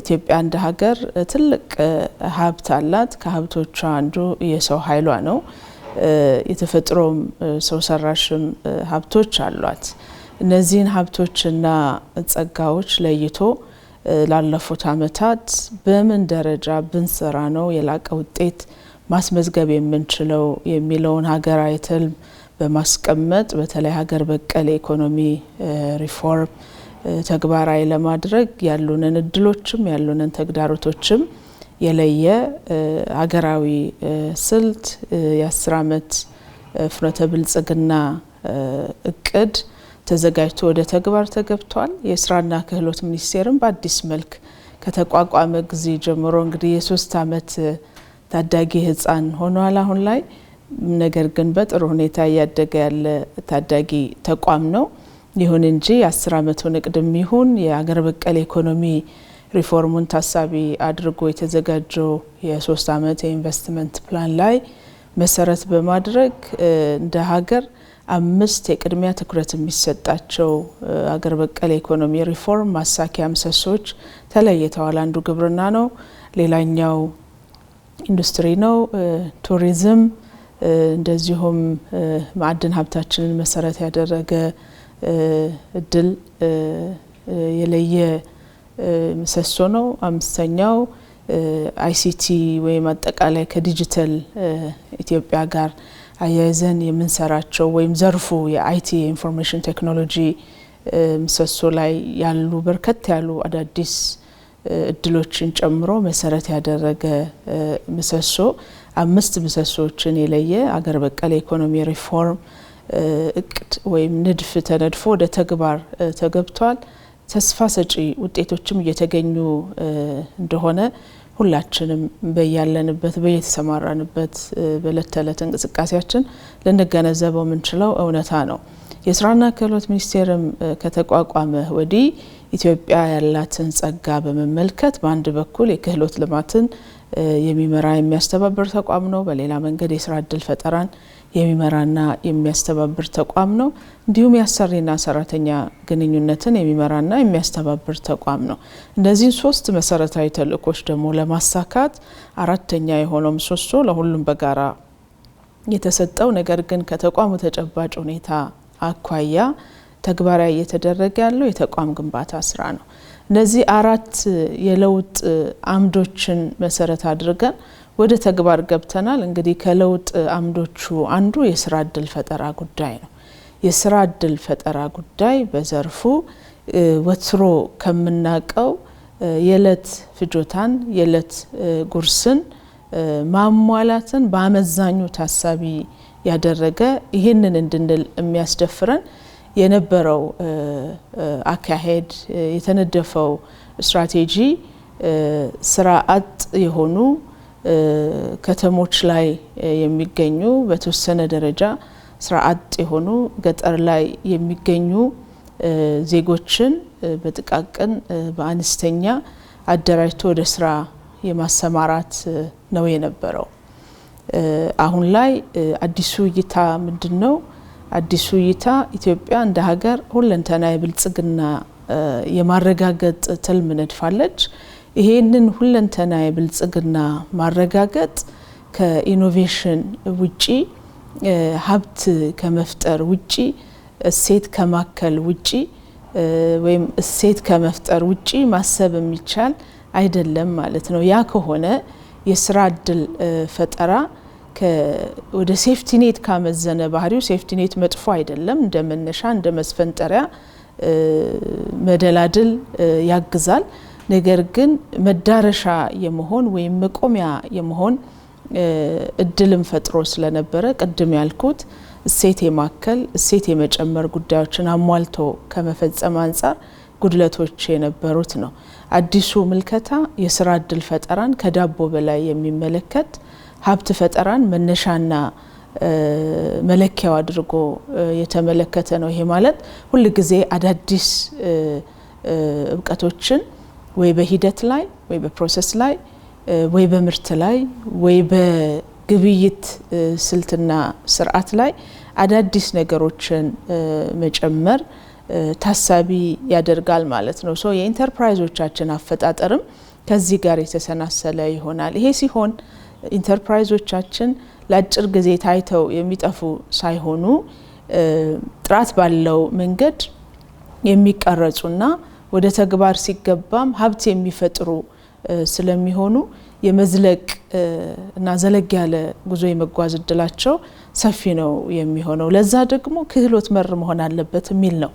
ኢትዮጵያ እንደ ሀገር ትልቅ ሀብት አላት። ከሀብቶቿ አንዱ የሰው ኃይሏ ነው። የተፈጥሮም ሰው ሰራሽም ሀብቶች አሏት። እነዚህን ሀብቶችና ጸጋዎች ለይቶ ላለፉት ዓመታት በምን ደረጃ ብንሰራ ነው የላቀ ውጤት ማስመዝገብ የምንችለው የሚለውን ሀገራዊ ትልም በማስቀመጥ በተለይ ሀገር በቀል የኢኮኖሚ ሪፎርም ተግባራዊ ለማድረግ ያሉንን እድሎችም ያሉንን ተግዳሮቶችም የለየ ሀገራዊ ስልት የአስር ዓመት ፍኖተ ብልጽግና እቅድ ተዘጋጅቶ ወደ ተግባር ተገብቷል። የስራና ክህሎት ሚኒስቴርም በአዲስ መልክ ከተቋቋመ ጊዜ ጀምሮ እንግዲህ የሶስት ዓመት ታዳጊ ህፃን ሆኗል አሁን ላይ ነገር ግን በጥሩ ሁኔታ እያደገ ያለ ታዳጊ ተቋም ነው። ይሁን እንጂ የአስር ዓመቱ እቅድም ይሁን የአገር በቀል ኢኮኖሚ ሪፎርሙን ታሳቢ አድርጎ የተዘጋጀው የሶስት አመት የኢንቨስትመንት ፕላን ላይ መሰረት በማድረግ እንደ ሀገር አምስት የቅድሚያ ትኩረት የሚሰጣቸው አገር በቀል የኢኮኖሚ ሪፎርም ማሳኪያ ምሰሶች ተለይተዋል። አንዱ ግብርና ነው። ሌላኛው ኢንዱስትሪ ነው፣ ቱሪዝም፣ እንደዚሁም ማዕድን ሀብታችንን መሰረት ያደረገ እድል የለየ ምሰሶ ነው። አምስተኛው አይሲቲ ወይም አጠቃላይ ከዲጂታል ኢትዮጵያ ጋር አያይዘን የምንሰራቸው ወይም ዘርፉ የአይቲ የኢንፎርሜሽን ቴክኖሎጂ ምሰሶ ላይ ያሉ በርከት ያሉ አዳዲስ እድሎችን ጨምሮ መሰረት ያደረገ ምሰሶ አምስት ምሰሶዎችን የለየ አገር በቀል የኢኮኖሚ ሪፎርም እቅድ ወይም ንድፍ ተነድፎ ወደ ተግባር ተገብቷል። ተስፋ ሰጪ ውጤቶችም እየተገኙ እንደሆነ ሁላችንም በያለንበት በየተሰማራንበት በእለት ተዕለት እንቅስቃሴያችን ልንገነዘበው የምንችለው እውነታ ነው። የስራና ክህሎት ሚኒስቴርም ከተቋቋመ ወዲህ ኢትዮጵያ ያላትን ጸጋ በመመልከት በአንድ በኩል የክህሎት ልማትን የሚመራ የሚያስተባብር ተቋም ነው። በሌላ መንገድ የስራ እድል ፈጠራን የሚመራና የሚያስተባብር ተቋም ነው። እንዲሁም የአሰሪና ሰራተኛ ግንኙነትን የሚመራና የሚያስተባብር ተቋም ነው። እነዚህን ሶስት መሰረታዊ ተልእኮች ደግሞ ለማሳካት አራተኛ የሆነው ምሰሶ ለሁሉም በጋራ የተሰጠው ነገር ግን ከተቋሙ ተጨባጭ ሁኔታ አኳያ ተግባራዊ እየተደረገ ያለው የተቋም ግንባታ ስራ ነው። እነዚህ አራት የለውጥ አምዶችን መሰረት አድርገን ወደ ተግባር ገብተናል። እንግዲህ ከለውጥ አምዶቹ አንዱ የስራ እድል ፈጠራ ጉዳይ ነው። የስራ እድል ፈጠራ ጉዳይ በዘርፉ ወትሮ ከምናቀው የዕለት ፍጆታን የዕለት ጉርስን ማሟላትን በአመዛኙ ታሳቢ ያደረገ ይህንን እንድንል የሚያስደፍረን የነበረው አካሄድ የተነደፈው ስትራቴጂ ስራ አጥ የሆኑ ከተሞች ላይ የሚገኙ በተወሰነ ደረጃ ስራ አጥ የሆኑ ገጠር ላይ የሚገኙ ዜጎችን በጥቃቅን በአነስተኛ አደራጅቶ ወደ ስራ የማሰማራት ነው የነበረው። አሁን ላይ አዲሱ እይታ ምንድን ነው? አዲሱ እይታ ኢትዮጵያ እንደ ሀገር ሁለንተና የብልጽግና የማረጋገጥ ትልም ነድፋለች። ይሄንን ሁለንተና የብልጽግና ማረጋገጥ ከኢኖቬሽን ውጪ ሀብት ከመፍጠር ውጪ እሴት ከማከል ውጪ ወይም እሴት ከመፍጠር ውጪ ማሰብ የሚቻል አይደለም ማለት ነው። ያ ከሆነ የስራ እድል ፈጠራ ወደ ሴፍቲኔት ካመዘነ ባህሪው ሴፍቲኔት መጥፎ አይደለም፣ እንደ መነሻ እንደ መስፈንጠሪያ መደላድል ያግዛል። ነገር ግን መዳረሻ የመሆን ወይም መቆሚያ የመሆን እድልም ፈጥሮ ስለነበረ ቅድም ያልኩት እሴት የማከል እሴት የመጨመር ጉዳዮችን አሟልቶ ከመፈጸም አንጻር ጉድለቶች የነበሩት ነው። አዲሱ ምልከታ የስራ እድል ፈጠራን ከዳቦ በላይ የሚመለከት ሀብት ፈጠራን መነሻና መለኪያው አድርጎ የተመለከተ ነው። ይሄ ማለት ሁልጊዜ አዳዲስ እውቀቶችን ወይ በሂደት ላይ ወይ በፕሮሰስ ላይ ወይ በምርት ላይ ወይ በግብይት ስልትና ስርዓት ላይ አዳዲስ ነገሮችን መጨመር ታሳቢ ያደርጋል ማለት ነው። ሶ የኢንተርፕራይዞቻችን አፈጣጠርም ከዚህ ጋር የተሰናሰለ ይሆናል። ይሄ ሲሆን ኢንተርፕራይዞቻችን ለአጭር ጊዜ ታይተው የሚጠፉ ሳይሆኑ ጥራት ባለው መንገድ የሚቀረጹና ወደ ተግባር ሲገባም ሀብት የሚፈጥሩ ስለሚሆኑ የመዝለቅ እና ዘለግ ያለ ጉዞ የመጓዝ እድላቸው ሰፊ ነው የሚሆነው። ለዛ ደግሞ ክህሎት መር መሆን አለበት የሚል ነው።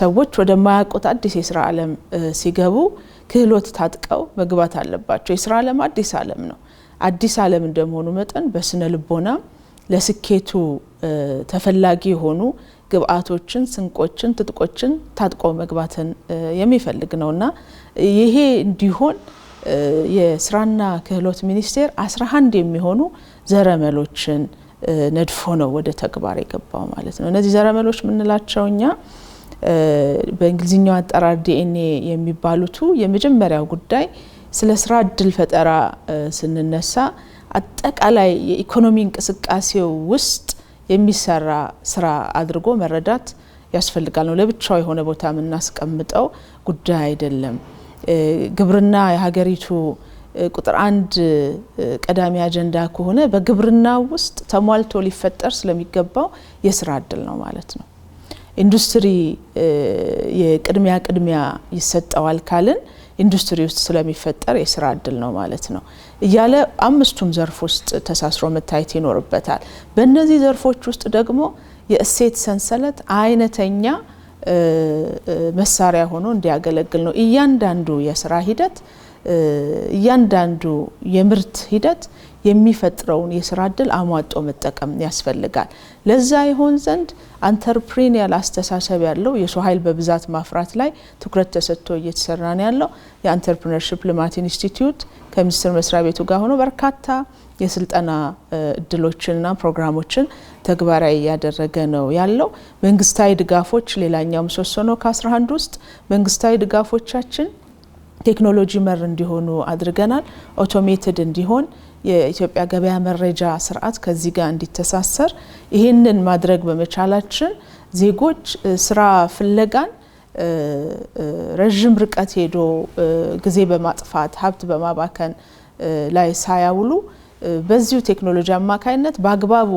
ሰዎች ወደማያውቁት አዲስ የስራ ዓለም ሲገቡ ክህሎት ታጥቀው መግባት አለባቸው። የስራ ዓለም አዲስ ዓለም ነው። አዲስ ዓለም እንደመሆኑ መጠን በስነ ልቦና ለስኬቱ ተፈላጊ የሆኑ ግብአቶችን፣ ስንቆችን፣ ትጥቆችን ታጥቆ መግባትን የሚፈልግ እና ይሄ እንዲሆን የስራና ክህሎት ሚኒስቴር 11 የሚሆኑ ዘረመሎችን ነድፎ ነው ወደ ተግባር የገባው ማለት ነው። እነዚህ ዘረመሎች የምንላቸው እኛ በእንግሊዝኛው አጠራር ዲኤንኤ የሚባሉቱ የመጀመሪያው ጉዳይ ስለ ስራ እድል ፈጠራ ስንነሳ አጠቃላይ የኢኮኖሚ እንቅስቃሴው ውስጥ የሚሰራ ስራ አድርጎ መረዳት ያስፈልጋል ነው። ለብቻው የሆነ ቦታ የምናስቀምጠው ጉዳይ አይደለም። ግብርና የሀገሪቱ ቁጥር አንድ ቀዳሚ አጀንዳ ከሆነ በግብርና ውስጥ ተሟልቶ ሊፈጠር ስለሚገባው የስራ እድል ነው ማለት ነው። ኢንዱስትሪ የቅድሚያ ቅድሚያ ይሰጠዋል ካልን ኢንዱስትሪ ውስጥ ስለሚፈጠር የስራ እድል ነው ማለት ነው እያለ አምስቱም ዘርፍ ውስጥ ተሳስሮ መታየት ይኖርበታል። በእነዚህ ዘርፎች ውስጥ ደግሞ የእሴት ሰንሰለት አይነተኛ መሳሪያ ሆኖ እንዲያገለግል ነው። እያንዳንዱ የስራ ሂደት፣ እያንዳንዱ የምርት ሂደት የሚፈጥረውን የስራ እድል አሟጦ መጠቀም ያስፈልጋል። ለዛ ይሆን ዘንድ አንተርፕሪኒያል አስተሳሰብ ያለው የሰው ኃይል በብዛት ማፍራት ላይ ትኩረት ተሰጥቶ እየተሰራ ነው ያለው። የአንተርፕሪነርሽፕ ልማት ኢንስቲትዩት ከሚኒስቴር መስሪያ ቤቱ ጋር ሆኖ በርካታ የስልጠና እድሎችንና ፕሮግራሞችን ተግባራዊ እያደረገ ነው ያለው። መንግስታዊ ድጋፎች ሌላኛው ምሰሶ ነው። ከ ከ11 ውስጥ መንግስታዊ ድጋፎቻችን ቴክኖሎጂ መር እንዲሆኑ አድርገናል። ኦቶሜትድ እንዲሆን የኢትዮጵያ ገበያ መረጃ ስርዓት ከዚህ ጋር እንዲተሳሰር ይህንን ማድረግ በመቻላችን ዜጎች ስራ ፍለጋን ረዥም ርቀት ሄዶ ጊዜ በማጥፋት ሀብት በማባከን ላይ ሳያውሉ በዚሁ ቴክኖሎጂ አማካይነት በአግባቡ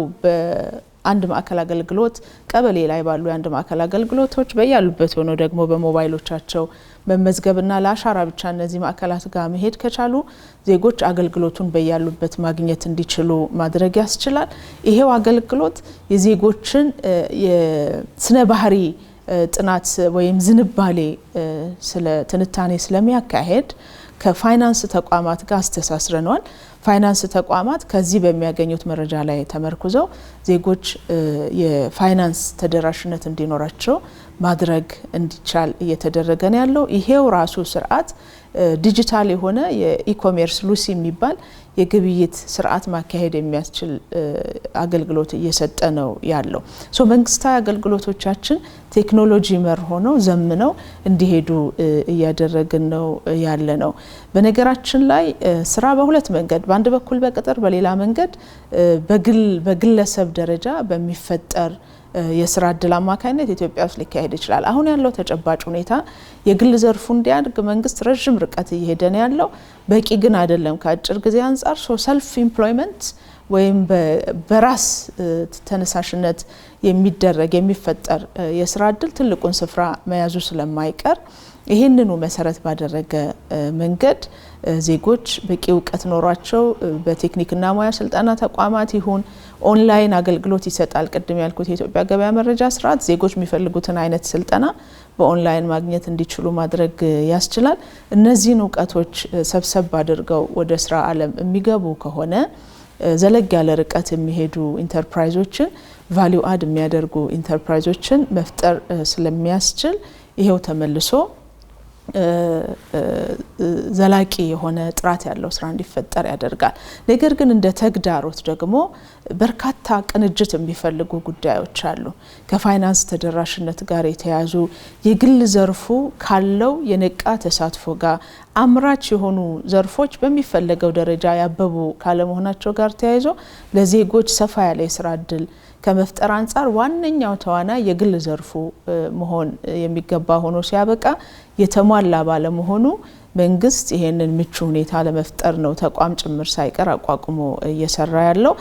አንድ ማዕከል አገልግሎት ቀበሌ ላይ ባሉ የአንድ ማዕከል አገልግሎቶች በያሉበት ሆነው ደግሞ በሞባይሎቻቸው መመዝገብና ለአሻራ ብቻ እነዚህ ማዕከላት ጋር መሄድ ከቻሉ ዜጎች አገልግሎቱን በያሉበት ማግኘት እንዲችሉ ማድረግ ያስችላል። ይሄው አገልግሎት የዜጎችን የስነ ባህሪ ጥናት ወይም ዝንባሌ ስለ ትንታኔ ስለሚያካሄድ ከፋይናንስ ተቋማት ጋር አስተሳስረነዋል። ፋይናንስ ተቋማት ከዚህ በሚያገኙት መረጃ ላይ ተመርኩዘው ዜጎች የፋይናንስ ተደራሽነት እንዲኖራቸው ማድረግ እንዲቻል እየተደረገ ነው ያለው። ይሄው ራሱ ስርዓት ዲጂታል የሆነ የኢኮሜርስ ሉሲ የሚባል የግብይት ስርዓት ማካሄድ የሚያስችል አገልግሎት እየሰጠ ነው ያለው። ሶ መንግስታዊ አገልግሎቶቻችን ቴክኖሎጂ መር ሆነው ዘምነው እንዲሄዱ እያደረግን ነው ያለ ነው። በነገራችን ላይ ስራ በሁለት መንገድ በአንድ በኩል በቅጥር በሌላ መንገድ በግለሰብ ደረጃ በሚፈጠር የስራ እድል አማካኝነት ኢትዮጵያ ውስጥ ሊካሄድ ይችላል። አሁን ያለው ተጨባጭ ሁኔታ የግል ዘርፉ እንዲያድግ መንግስት ረዥም ርቀት እየሄደ ነው ያለው፣ በቂ ግን አይደለም። ከአጭር ጊዜ አንጻር ሰልፍ ኢምፕሎይመንት ወይም በራስ ተነሳሽነት የሚደረግ የሚፈጠር የስራ እድል ትልቁን ስፍራ መያዙ ስለማይቀር ይህንኑ መሰረት ባደረገ መንገድ ዜጎች በቂ እውቀት ኖሯቸው በቴክኒክና ሙያ ስልጠና ተቋማት ይሁን ኦንላይን አገልግሎት ይሰጣል። ቅድም ያልኩት የኢትዮጵያ ገበያ መረጃ ስርዓት ዜጎች የሚፈልጉትን አይነት ስልጠና በኦንላይን ማግኘት እንዲችሉ ማድረግ ያስችላል። እነዚህን እውቀቶች ሰብሰብ አድርገው ወደ ስራ አለም የሚገቡ ከሆነ ዘለግ ያለ ርቀት የሚሄዱ ኢንተርፕራይዞችን ቫሊዩ አድ የሚያደርጉ ኢንተርፕራይዞችን መፍጠር ስለሚያስችል ይሄው ተመልሶ ዘላቂ የሆነ ጥራት ያለው ስራ እንዲፈጠር ያደርጋል። ነገር ግን እንደ ተግዳሮት ደግሞ በርካታ ቅንጅት የሚፈልጉ ጉዳዮች አሉ። ከፋይናንስ ተደራሽነት ጋር የተያዙ የግል ዘርፉ ካለው የነቃ ተሳትፎ ጋር አምራች የሆኑ ዘርፎች በሚፈለገው ደረጃ ያበቡ ካለመሆናቸው ጋር ተያይዞ ለዜጎች ሰፋ ያለ የስራ እድል ከመፍጠር አንጻር ዋነኛው ተዋናይ የግል ዘርፉ መሆን የሚገባ ሆኖ ሲያበቃ የተሟላ ባለመሆኑ መንግስት ይሄንን ምቹ ሁኔታ ለመፍጠር ነው ተቋም ጭምር ሳይቀር አቋቁሞ እየሰራ ያለው።